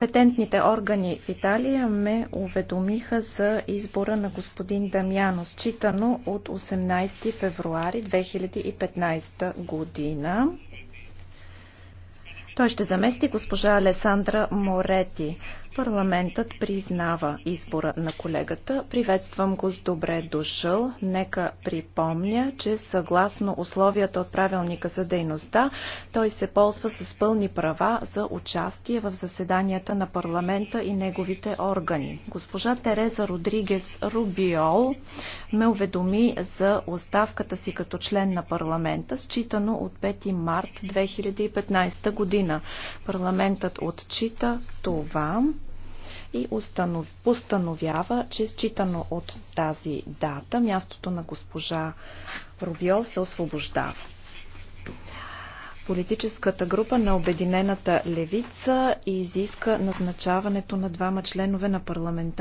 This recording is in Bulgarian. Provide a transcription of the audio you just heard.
Компетентните органи в Италия ме уведомиха за избора на господин Дамяно, считано от 18 февруари 2015 година. Той ще замести госпожа Алесандра Морети. Парламентът признава избора на колегата. Приветствам го с добре дошъл. Нека припомня, че съгласно условията от правилника за дейността, той се ползва с пълни права за участие в заседанията на парламента и неговите органи. Госпожа Тереза Родригес Рубиол ме уведоми за оставката си като член на парламента, считано от 5 март 2015 година. Парламентът отчита това и установ... постановява, че е считано от тази дата мястото на госпожа Рубиол се освобождава. Политическата група на Обединената левица изиска назначаването на двама членове на парламента.